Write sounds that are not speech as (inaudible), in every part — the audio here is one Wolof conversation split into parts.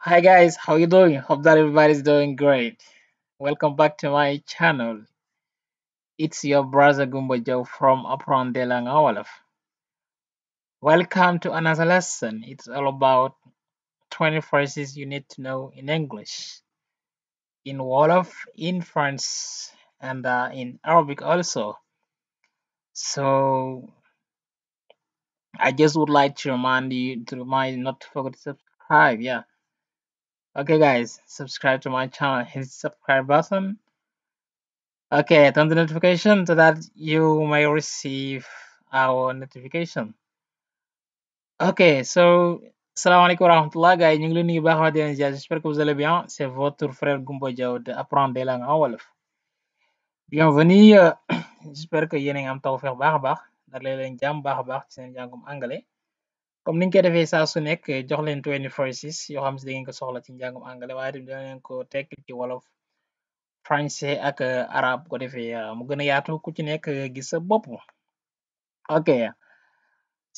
Hi guys, how you doing? Hope that everybody's doing great. Welcome back to my channel. It's your brother Gumbo Joe from Apron de Langawalaf. Welcome to another lesson. It's all about 20 phrases you need to know in English, in Wolof, in French, and uh, in Arabic also. So I just would like to remind you to remind not to forget to subscribe. Yeah Okay guys, subscribe to my channel, hit the subscribe button. Okay, turn the notification so that you may receive our notification. Ok, so, salam alaikum warahmatullah guys, ñu ngi leen di baaxoo di leen j'espère que vous allez bien, c'est votre frère Gumbo Diaw de apprendre des langues en wolof. Bienvenue, euh, (clears throat) a ngi am tawfeex baax baax, dara leen jàmm baax a baax ci seen jàngum anglais. comme niñ koy defee saa su nekk jox leen 24/6 yoo xam si da ngeen ko soxla ci njàngum anglais waaye tamit dina leen ko tekk ci wolof français ak euh, arabe ko defee euh, mu gën a yaatu ku ci nekk euh, gis sa bopp ok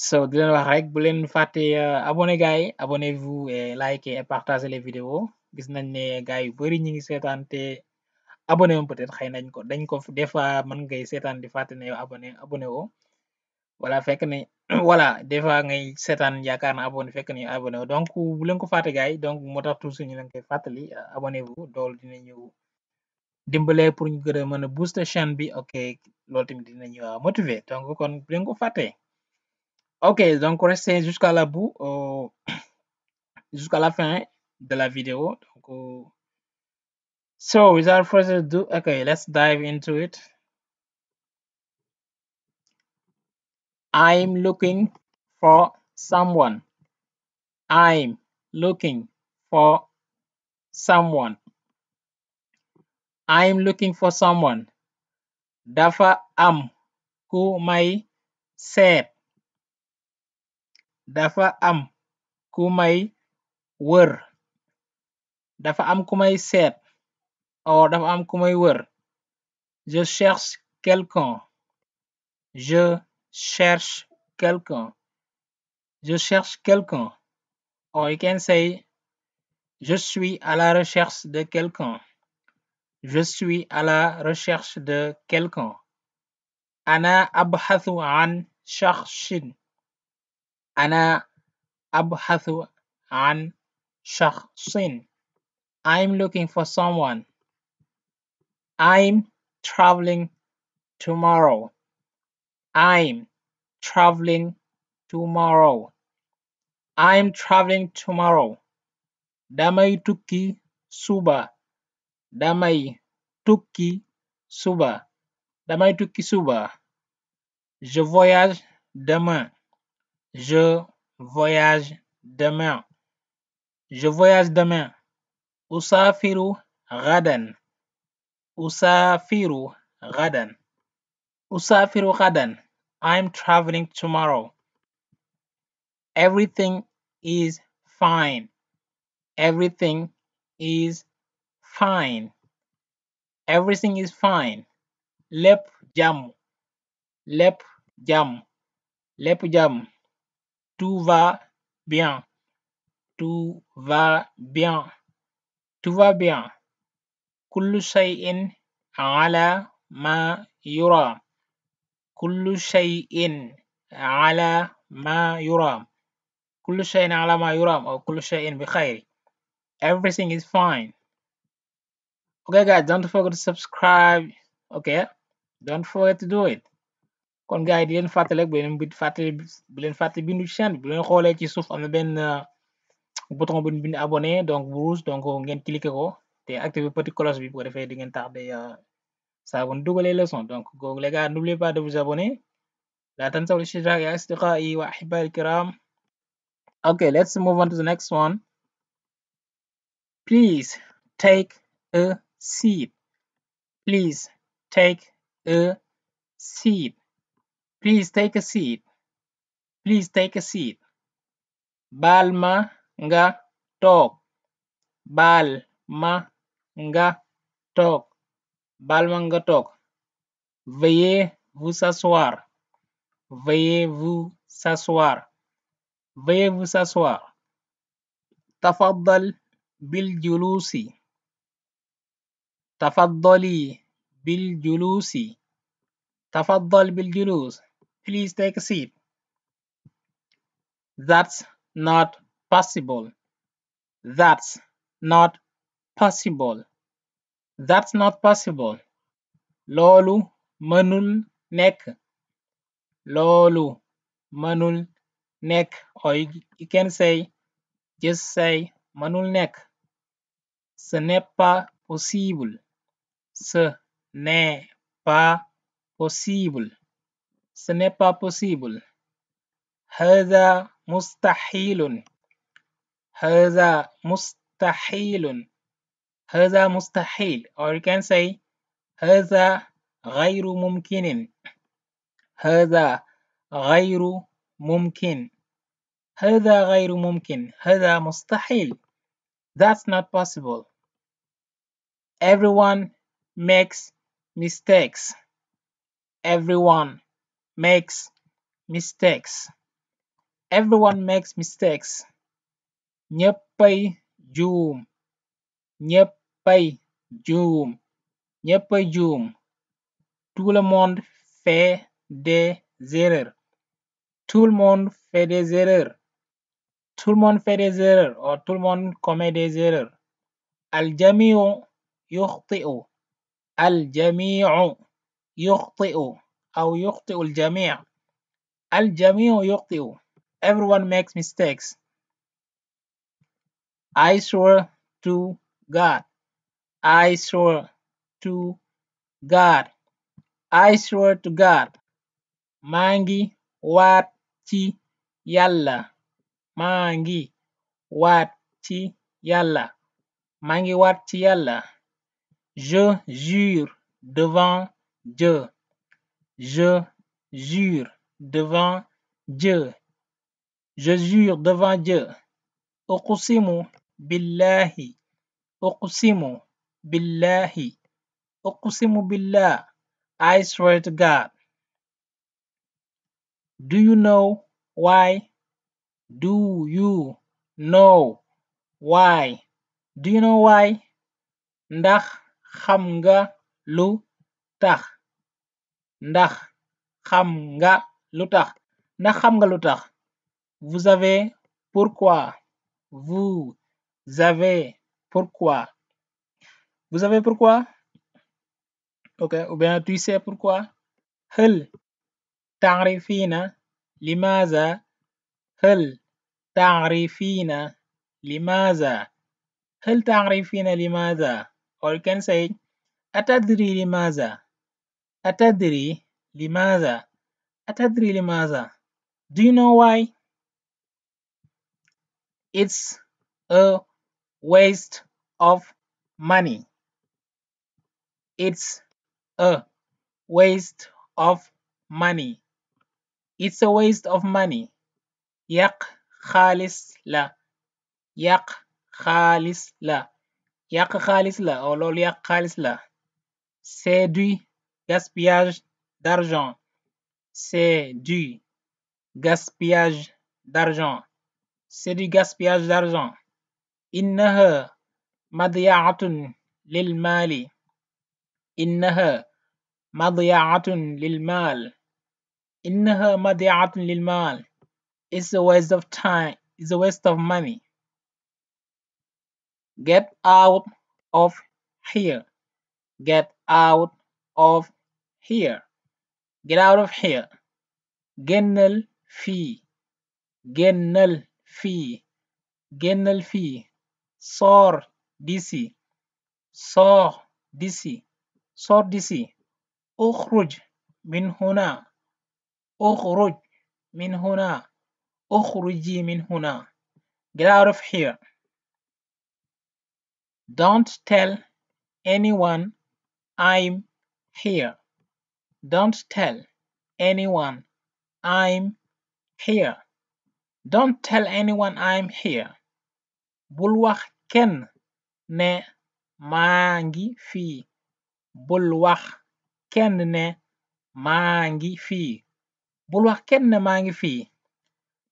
so di leen bu leen fàtte abonné gaay abonnez-vous et likez et partagez les vidéos gis nañ ne gaay yu bari ñi ngi seetaan te abonné woon peut-être xëy nañ ko dañ ko des fois mën ngay seetaan di fàtte ne yow abonné wala fekk voilà des fois ngay seetaan yaakaar na abonné fekk ni donc bu leen ko fàtte gaay donc moo tax toujours ñu leen koy fàttali abonnez-vous dina ñëw dimbale pour ñu gën a mën a booster chaîne bi ok loolu tamit dina ñu motivé donc kon bu leen ko fàtte ok donc restez jusqu'à la bout euh, (coughs) la fin de la vidéo donc euh, so without further ado ok let's dive into it I'm looking for someone. I'm looking for someone. I'm looking for someone. Dafa am ku may seet. Dafa am ku may wër. Dafa am ku may seet. Or dafa am ku may wër. Je cherche quelqu'un. Je cherche quelqu'un. Je cherche quelqu'un. Or you can say je suis à la recherche de quelqu'un. Je suis à la recherche de quelqu'un. Ana abhathu an shakhshin. Ana abhathu an shakhshin. I'm looking for someone. I'm traveling tomorrow. I'm traveling tomorrow I'm traveling tomorrow damay tukki suba damay tukki suba damay tukki suba je voyage demain je voyage demain je voyage demain أسافر غدًا أسافر غدًا أسافر غدًا. I'm traveling tomorrow. Everything is fine. Everything is fine. Everything is fine. Lépp jàmm. Lépp jàmm. Lépp jàmm. Tout va bien. Tout va bien. Tout va bien. كل شيء على ما يرام kullu شيء على ما يرام كل شيء على ما يرام أو كل شيء بخير everything is fine okay guys don't forget to subscribe okay don't forget to do it kon gars yi di leen fàttali rek bu leen fàttali bindu ci bi bu leen xoolee ci suuf am na benn euh, bouton bu bind donc bu rouge donc ngeen cliquer ko te activer petit cloche bi bu ko defee di ngeen tax day euh, saa bu ñu dugalee leçon donc googu les gars n'oubliez pas de vous abonner لا تنسوا الاشتراك يا أصدقائي وأحبائي الكرام Okay, let's move on to the next one. Please take a seat. Please take a seat. Please take a seat. Baal ma nga toog. Baal ma nga toog. baal ma nga toog veuillez vous asseoir veuillez vous asseoir veuillez vous asseoir tafaddal bil juluusi tafaddali bil juluusi please take a that's not possible that's not possible That's not possible. Loolu mënul nekk. Loolu mënul nekk or you can say just say mënul nekk. Ce n'est pas possible. Ce n'est pas possible. Ce n'est pas possible. هذا مستحيل or you can say هذا غير ممكن هذا غير ممكن هذا غير ممكن هذا مستحيل that's not possible everyone makes mistakes everyone makes mistakes everyone makes mistakes ñëppay juum ñëpp ñeppay juum tout le monde fait des erreurs tout le monde fait des erreurs tout le monde fait des erreurs or tout le monde commet des erreurs al jamiu yukhti'u al jamiu yukhti'u aw yukhti'u al jami' al jamiu yukhti'u everyone makes mistakes I swear to God I swear to God I to God maa ngi waat ci Yàlla maa ngi waat ci Yàlla maa ngi waat ci Yàlla je jure devant Dieu je jure devant je jure devant Dieu uqsimu billahi uqsimu Billahi. Uqsimu billah. I swear to God. Do you know why? Do you know why? Do you know why? Ndax xam nga lu tax. Ndax xam nga lu tax. Ndax xam nga lu tax. Vous savez pourquoi. Vous savez pourquoi. Vous savez pourquoi? OK, ou bien tu sais pourquoi? هل تعرفين لماذا؟ هل تعرفين لماذا؟ هل تعرفين لماذا؟ Or you can say أتدري لماذا؟ أتدري لماذا؟ أتدري لماذا؟ Do you know why? It's a waste of money. It's a waste of money. It's a waste of money. yàq xaalis la yàq xaalis la yàq xaalis la oh loolu yàq xaalis la c'est du gaspillage d'argent c'est du gaspillage d'argent c'est du gaspillage d'argent innaha madyaatun lil maali إنها مضيعة للمال إنها مضيعة للمال It's a waste of time It's a waste of money Get out of here Get out of here Get out of here génnal fii génnal fii génnal fii sors d'ici sors d'ici sort d'ici. اخرج من هنا اخرج من هنا اخرجي من هنا here. Don't tell anyone I'm here. Don't tell anyone I'm here. Don't tell anyone I'm here. bul wax kenn ne maa ngi fii bul wax kenn fii bul kenn ne maa ngi fii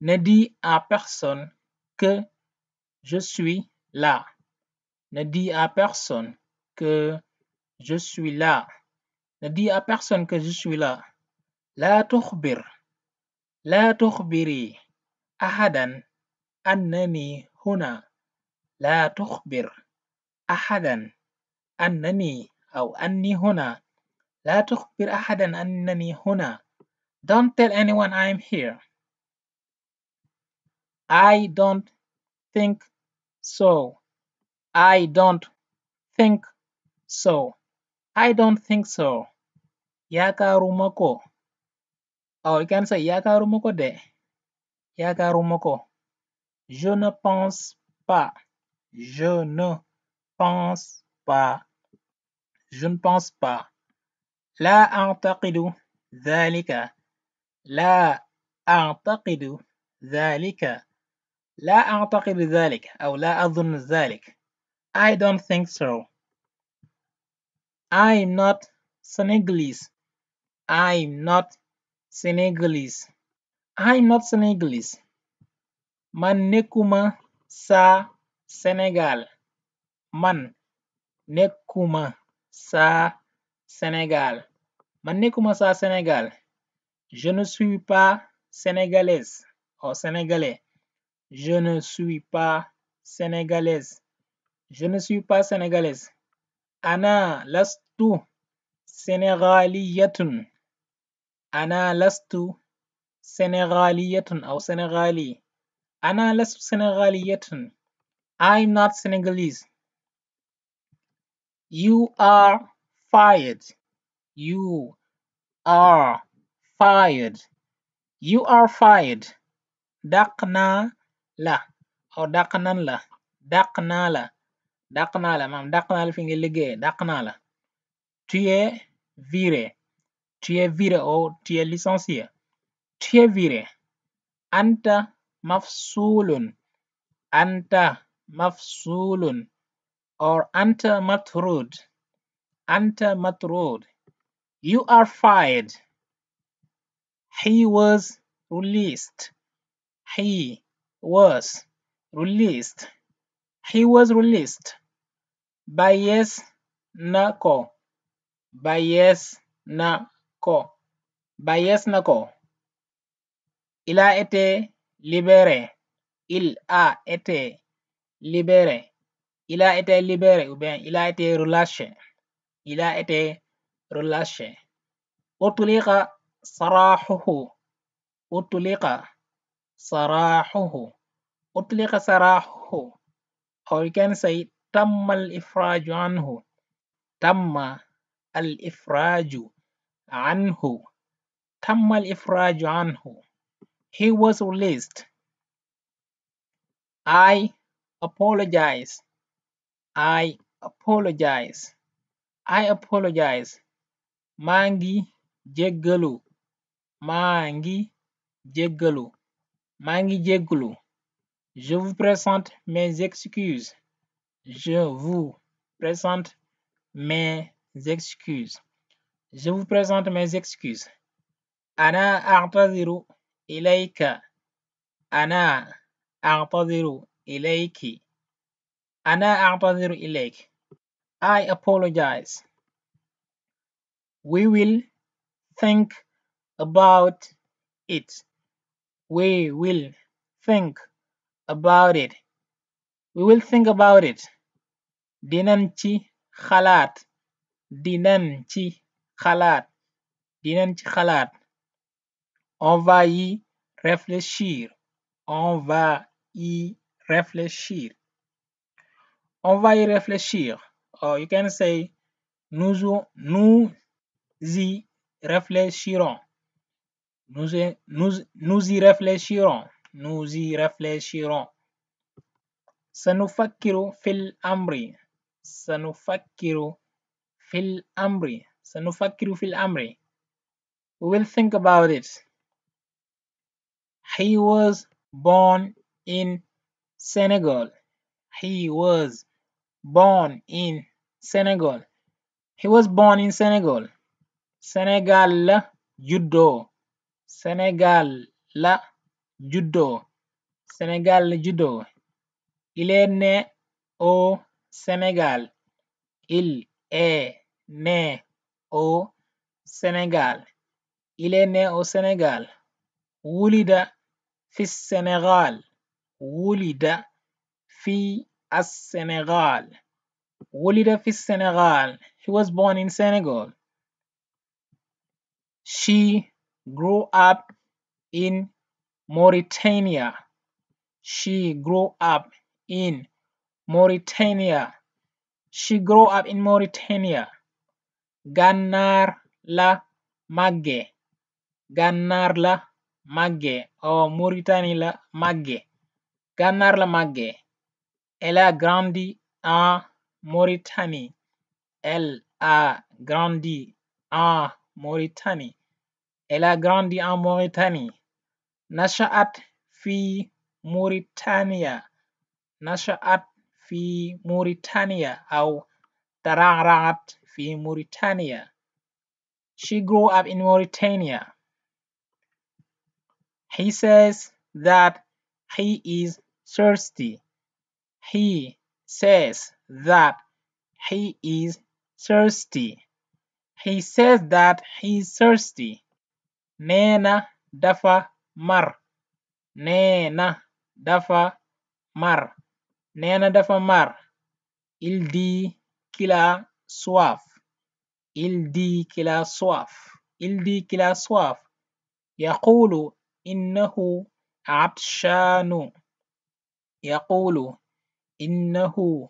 ne dis à personne que je suis là ne dis à personne que je suis là ne dis à personne que je suis là laa tuxbir laa tuxbiri ahadan annani huna laa tuxbir ahadan annani أو أني هنا. لا تخبر أحدا أنني هنا. Don't tell anyone I am here. I don't think so. I don't think so. I don't think so. Yaakaaruma ko. Or oh, you can say yaakaaruma Je ne pense pas. Je ne pense pas. Je ne pense pas. لا أعتقد ذلك. la أعتقد ذلك. لا أعتقد ذلك أو لا أظن I don't think so. I'm not Senegalese. I'm not Senegalese. Man nekkuma sa senegal Man nekkuma saa Sénégal man nekkuma saa Sénégal je ne suis pas sénégalaise or sénégalais je ne suis pas sénégalaise je ne suis pas sénégalaise ana lastu sénégaliyatun ana lastu sénégaliyatun aw sénégali ana lastu sénégaliyatun I'm not Senegalese You are fired. You are fired. You are fired. dàq naa la aw oh, dàq nan la dàq naa la dàq naa la maam dàq naa la fi nga liggéey dàq naa la tu es viré tu es viré ou oh, tu es licencié anta mafsulun anta mafsulun or Anta Matrud. Anta Matrud. You are fired. He was released. He was released. He was released. Bayes Nako. Bayes Nako. Bayes Il a été libéré. Il a été libéré. Il a été libéré ou bien il a été relâché. Il a été relâché. Utliqa sarahuhu. Or you can say tamma al anhu. Tamma al anhu. Tamma al anhu. He was released. I apologize I apologize I apologize maa ngi jéggalu maa ngi jéggalu maa ngi jéggalu Je vous présente mes excuses je vous présente mes excuses je vous présente mes excuses ana a'tadiru ilayka ana a'tadiru ilayki أنا أعتذر إليك. I apologize. We will think about it. We will think about it. We ci xalaat. Dinañ ci xalaat. Dinañ ci xalaat. On va y réfléchir. On On va y réfléchir. Or oh, you can say nous, nous y réfléchirons. Nous, nous, nous réfléchirons. Nous y réfléchirons. سنفكر في الأمر سنفكر في We will think about it. He was born in Senegal. He was born in Senegal he was born in Senegal Sénégal la juddoo senegal la juddoo Sénégal la juddoo il est né au Sénégal il est né au Sénégal il est né au Sénégal wulida fi Sénégal wulida fi السنغال ولد في السنغال He was born in Senegal She grew up in Mauritania She grew up in Mauritania She la màgge Gànnaar la màgge or Mauritanie la màgge Gànnaar la màgge Elle a grandi en Mauritanie. Elle a grandi en Mauritanie. Elle a grandi Nashaat fi Mauritania. Nashaat fi Mauritania She grew up in Mauritania. He says that he is thirsty. He says that he is thirsty. He says that he is thirsty. Nee na dafa mar. Nee na dafa mar. Nee na dafa mar. Il dit qu'il a soif. Il dit qu'il a soif. Il dit إنه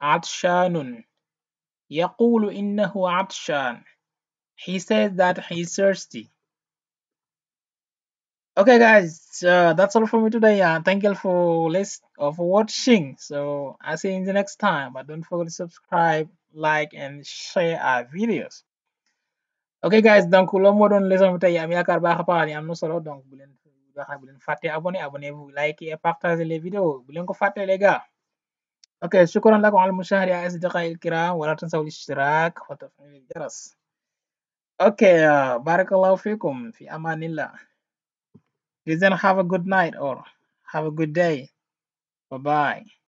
عطشان يقول that he's all for me today thank you for list of watching so i'll see in the next time but don't forget subscribe like and share our videos okay guys donc loolu moo doon leçon bi tey am yaakaar baax a baax ni am na solo donc bu leen bu leen fàtte abonné abonnez-vous likez et partagez les vidéos bu leen ko fàtte les gars اوكي شكرا لكم على المشاهدة يا اصدقائي الكرام ولا تنسوا الاشتراك وتفعيل الجرس اوكي بارك الله فيكم في امان الله Please then have a good night or have a good day. Bye bye.